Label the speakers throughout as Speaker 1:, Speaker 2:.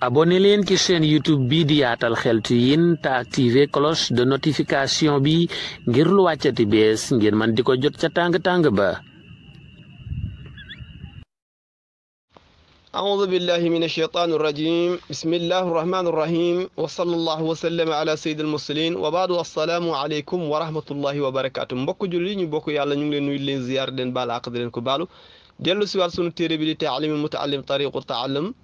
Speaker 1: abonné leen ci chaîne youtube bi di yaatal xeltu yin te activé cloche de notification bi ngir lu wàccati bees ngir man di ko jot ca tàng-tàng ba أعوذ بالله من الشيطان الرجيم بسم الله الرحمن الرحيم وصلى الله وسلم على سيد المرسلين وبعد السلام عليكم ورحمة الله وبركاته مبوك جولي ني بوك يالا نيو لين نوي لين زيار دين بالا عقد لين كو بالو ديلو سوار سونو تيري بي تعليم المتعلم طريق التعلم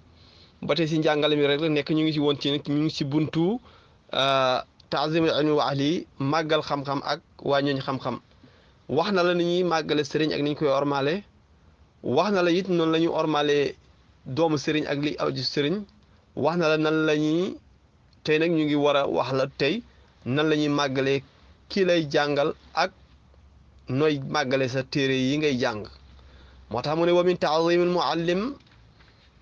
Speaker 1: ba tey si njàngale mi rek la nekk ñu ngi si woon ci nag ñu ngi si buntu euh, taazim ilmi wa ahli màggal xam-xam ak waa ñooñ xam-xam wax na la ni ñuy màggale sëriñ ak ni ñu koy wax na la it noonu la ñu ormale doomu sëriñ ak li awju sëriñ wax na la nan la ñuy tey nag ñu ngi war a wax la tey nan la ñuy màggalee kii lay jàngal ak noy màggale sa téere yi ngay jàng moo tax mu ne wa min taazimil muallim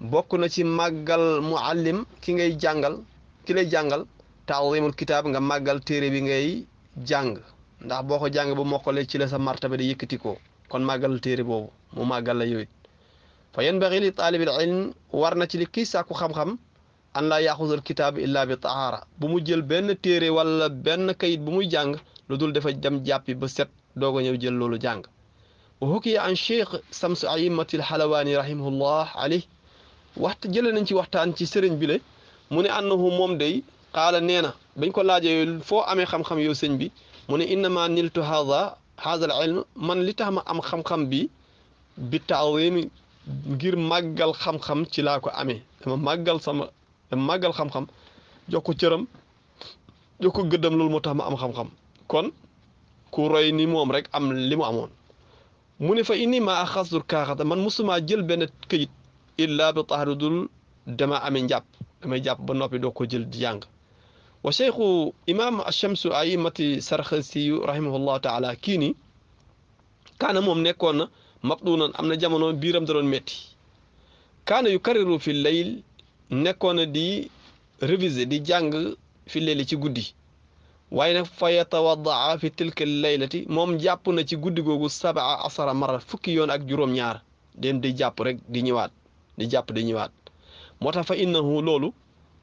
Speaker 1: bokk na ci màggal muallim ki ngay jàngal ki lay jàngal taazimul kitaab nga màggal téere bi ngay jàng ndax boo ko jàng bu mokkalee ci la sa martaba di yëkkati kon màggal téere boobu mu màggal la yowit fa yanbaghi li taalibil ilm war na ci li kii sàkku xam-xam an laa yaxuzal kitaab illaa bi tahaara bu mu jël benn téere wala benn kayit bu muy jàng lu dul dafa dem jàppi ba set doo ko ñëw jël loolu jàng wa hukiya an cheikh samsu aimmatil xalawaani rahimahullah waxtu jële nañ ci waxtaan ci sëriñ bi le mu ne annahu moom day qaala nee na bañ ko laajee foo amee xam-xam yow sëñ bi mu ne innama niltu haada haada al ilm man li tax ma am xam-xam bi bi taawimi ngir màggal xam-xam ci laa ko amee dama màggal sama màggal xam-xam jox ko cëram jox ko gëddam loolu moo tax ma am xam-xam kon ku roy ni moom rek am li mu amoon mu ne fa inni ma axastu kaaxata man mosumaa jël benn këyit illa bi taxari dul dama amee njàpp damay jàpp ba noppi doo ko jël di jàng wa cheikhu ay achamsu aimati sarxasiyu rahimahullahu taala kii ni kaana moom nekkoon na mabduunan am na jamono biiram da doon kaana yu kariru fi layl nekkoon na di réviser di jàng fi leyli ci guddi waaye nag fa yatawadaa fi tilka laylati moom jàpp na ci guddi googu sabaa asara mara fukki yoon ak juróom-ñaar dem di jàpp rek di ñëwaat di jàpp di ñëwaat moo tax fa innahu loolu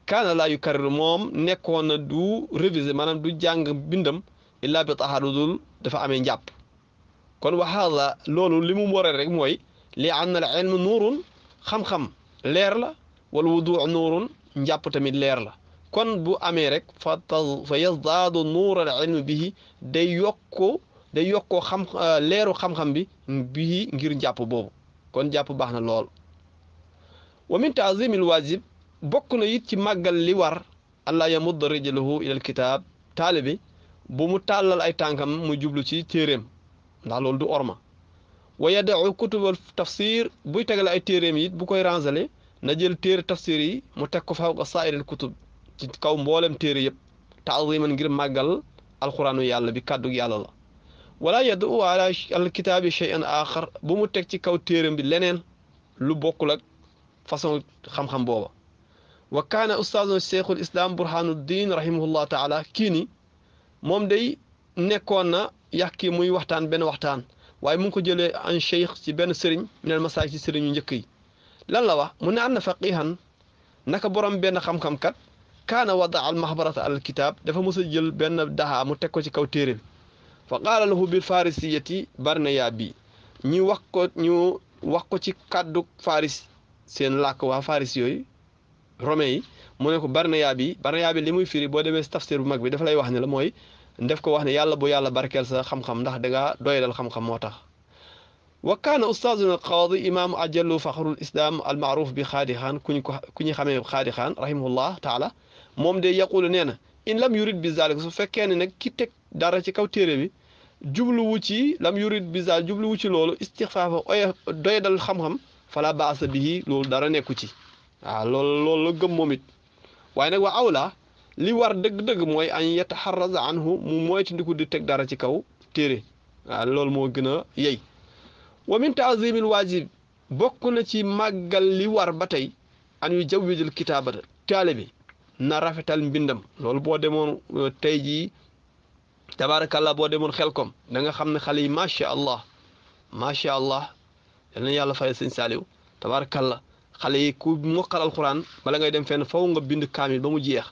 Speaker 1: kaana laa yukarriru moom nekkoon na du réviser maanaam du jàng bindam illaa bi taxarudul dafa amee jàpp kon wa loolu li mu waree rek mooy li anna al ilm nuurun xam-xam leer la wal wudu nuurun njàpp tamit leer la kon bu amee rek fa fa yazdaadu nuur al ilm bihi day yokku day yokkoo xam leeru xam-xam bi bii ngir jàpp boobu kon jàpp baax na lool wa min taazimil waajib bokk na it ci màggal li war allah yamudda rijlahu ilal kitaab taalibi bu mu tàllal ay tànkam mu jublu ci téeréem ndax loolu du orma wa yadau kutubal tafsir buy tegale ay téeréem it bu koy rangale na jël téere tafsir yi mu teg ko fawqa saa'iril kutub ci kaw mboolem téere yëpp taaziman ngir màggal alquraanu yàlla bi kàddug yàlla la wala yadu ala alkitaabi shay'an axar bu mu teg ci kaw téeréem bi leneen lu bokkul ak façon xam booba wa kaana ustaazun cheikhul islam burhanuddin rahimahullah taala kii ni moom day nekkoon na yàq kii muy waxtaan benn waxtaan waaye mu ko jëlee an cheikh ci benn sëriñ minel masaaj ci sëriñ njëkk yi lan la wax mu ne an na faqihan naka borom benn xam-xam kat kaana wadaa al maxbarata al kitaab dafa mos a jël benn daxaa mu teg ko ci kaw téere bi fa qaala lahu bil na barnaya bi ñu wax ko ñu wax ko ci kàddu faris seen làkk waa faris yooyu romain yi mu ne ko barnayaa bi barnayaa bi li muy firi boo demee si tafsir bu mag bi dafa lay wax ne la mooy def ko wax ne yàlla bu yàlla barkeel sa xam-xam ndax dangaa doyadal xam-xam moo tax wa kaana ustaazuna alqaadi imaamu ajalu faxrul islaam almaaruf bi xaadi xaan kuñ ko ku ñu xamee xaadi xaan rahimahullah taala moom de yaqulu nee na in lam yurid bi zalik su fekkee ne nag ki teg dara ci kaw téere bi jubluwu ci lam yurid bi jubluwu ci loolu istixfaafa oy doyadal xam fala baasa bihi loolu dara nekku ci waaw loolu loolu la gëm moom it waaye nag wa awla li war dëgg-dëgg mooy an yataxarraza anhu mu moytandiku di teg dara ci kaw téere waaw loolu moo gën a yey wa min taazimil waajib bokk na ci màggal li war ba tey an yu jawwijul kitaabata taale bi na rafetal mbindam loolu boo demoon euh, tey jii tabaarakallaa boo demoon xel koom da nga xam ne xale yi macha allah macha allah yal yàlla fayal sëñ Saaliw tabaarakalla xale yi ku mokkal alquran bala ngay dem fenn faw nga bind kaamil ba mu jeex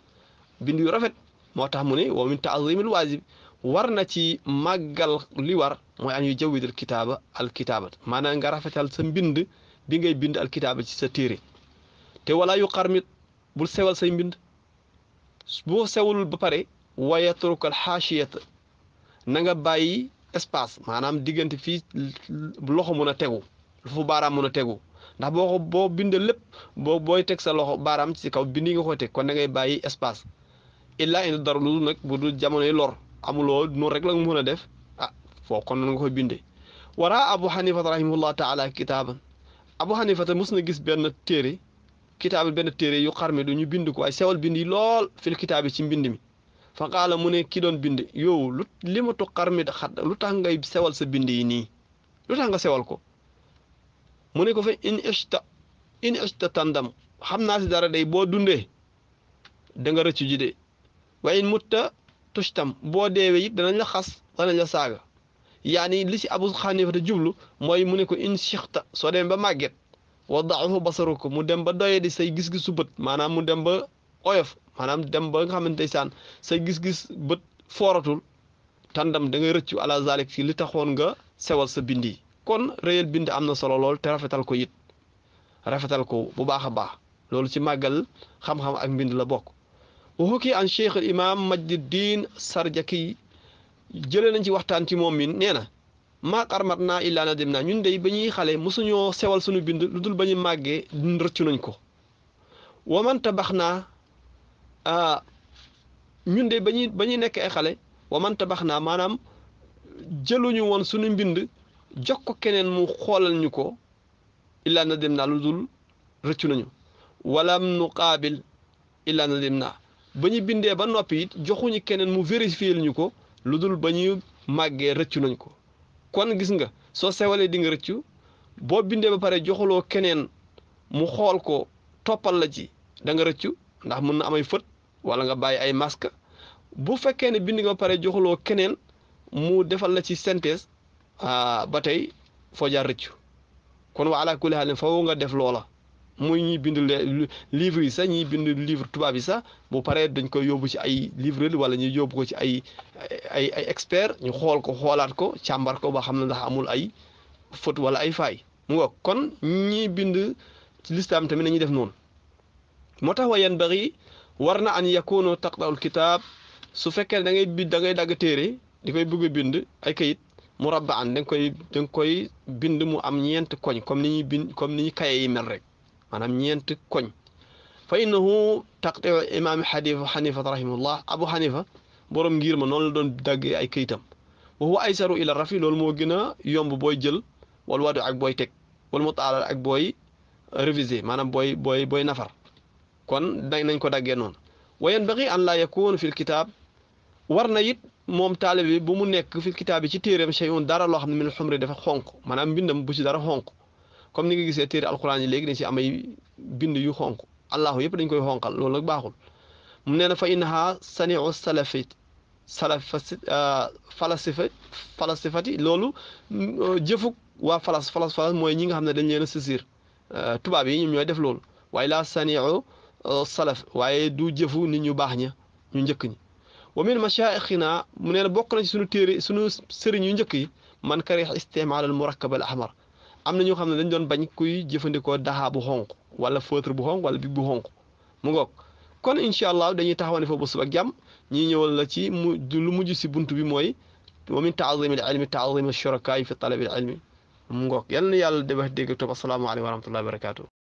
Speaker 1: bind yu rafet moo tax mu ne wa min taazimil waajib war na ci màggal li war mooy an yu jawwidal kitaaba alkitaabat maanaam nga rafetal sa mbind bi ngay bind alkitaaba ci sa téere te wala yu xar xarmit bu sewal say mbind boo sewul ba pare wa yatrukal xaashiyata na nga bàyyi espace maanaam diggante fii loxo mun a tegu fu baaraam mën a tegu ndax boo ko boo bindee lépp boo booy teg sa loxo baaraam ci kaw bindi nga ko teg kon da ngay bàyyi espace illaa indi dara lu nag bu dul jamonoy lor amuloo noonu rek la nga mën a def ah foo kon nan nga koy bindee waraa abu xanifata rahimahullah taala kitaaban abu xanifata mos na gis benn téere kitaaban benn téere yu xarme du ñu bind ko waaye sewal bind yi lool fil kitaab yi ci mbind mi fa qaala mu ne kii doon bind yow lu lu tax ngay sewal sa bind yi nii lu tax nga sewal ko mu ne ko fa in ista in ista tàndam xam naa si dara day boo dundee danga nga rëccu ji de waaye in mutta tustam boo deewee it danañ la xas danañ la saaga yaani li si abu xanifa te jublu mooy mu ne ko in sixta soo demee ba màgget wa daahu basaruko mu dem ba doye di say gis-gisu bët maanaam mu dem ba oyof maanaam dem ba nga xamante saan say gis-gis bët fooratul tàndam da ngay rëccu ala zalik si li taxoon nga sewal sa bind yi kon rëyal bind am na solo lool te rafetal ko it rafetal ko bu baax a baax loolu ci màggal xam-xam ak mbind la bokk waxuki an cheikh al imam majduddin sarjaki jëlee nañ ci waxtaan ci moom mi nee na maa xarmat naa illaa na dem naa ñun dey ba ñuy xale mosuñoo sewal suñu bind lu dul ba ñu màggee rëccu nañ ko waman bax naa ñun de ba ñuy nekk ay xale manta bax naa maanaam jëluñu woon suñu mbind jox ko keneen mu xoolal ñu ko illaa na dem lu dul rëccu nañu walam nu qaabil illaa na ba ñu bindee ba noppi it joxuñu keneen mu vérifier ñu ko lu dul ba ñuy màggee rëccu nañ ko kon gis nga soo sewalee di nga rëccu boo bindee ba pare joxuloo keneen mu xool ko toppal la ji danga nga rëccu ndax mën na amay fët wala nga bàyyi ay masque bu fekkee ne bind nga ba pare joxuloo keneen mu defal la ci synthèse Ah, ba tey foo jaar rëccu kon wa ala kulli xaalin faw nga def loola muy ñuy bind livre yi sax ñuy bind livre tubaab yi sax bu paree dañ koy yóbbu ci ay livre wala ñu yóbbu ko ci ay ay ay expert ñu xool ko xoolaat ko càmbar ko ba xam ne ndax amul ay faute wala ay faay mu nga kon ñi bind ci lislaam tamit nañuy def noonu moo tax wa yenn bari war na an yakunu taqraul kitaab su fekkee da ngay bind dangay ngay dagg téere di koy bëgg bind ay kayit murabbaan da nga koy da koy bind mu am ñeent koñ comme ni ñuy bind comme ni ñu kaye yi mel rek maanaam ñeent koñ fa innahu taqtiu imaam xanifa xanifa rahimahullah abu xanifa borom ngir ma noonu la doon daggee ay kayitam wa huwa aysaru ila rafi loolu moo gën a yomb booy jël wal wadu ak booy teg wal mutaala ak booy révisé maanaam booy booy booy nafar kon dañ nañ ko daggee noonu wa yanbagi an laa yakun fi l war na it moom taalibe bi bu mu nekk fi kitaab bi ci téereem shay'un dara loo xam ne min xumri dafa xonq maanaam mbindam bu ci dara xonq comme ni nga gisee téere alquran yi léegi dañ ci amay bind yu xonq allahu yëpp dañ koy xonqal loolu nag baaxul mu nee na fa innaha saniu salafit salafasi euh, falasifa falasifati loolu euh, jëfuk waa falas falas falas mooy ñi nga xam ne dañ leen a sisir euh, tubaab yi ñoom ñooy def loolu waaye laa saniu salaf waaye du jëfu nit ñu baax ña ñu njëkk ñi wa min mashaayixina mu neen bokk na ci suñu téere suñu sëriñ yu njëkk yi man kariha istimaal al murakkab al ahmar am na ñoo xam ne dañ doon bañ kuy jëfandikoo daxa bu xonq wala feutre bu xonq wala bi bu xonq mu ngoog kon incha allah dañuy taxawane foofu ba suba ak jàmm ñi ñëwal la ci mu lu mujj si buntu bi mooy wa min taazim al ilmi taazim al shurakaay fi talab al ilmi mu ngoog yal na yàlla de wax dégg topp asalaamaaleykum wa rahmatullahi wa barakaatu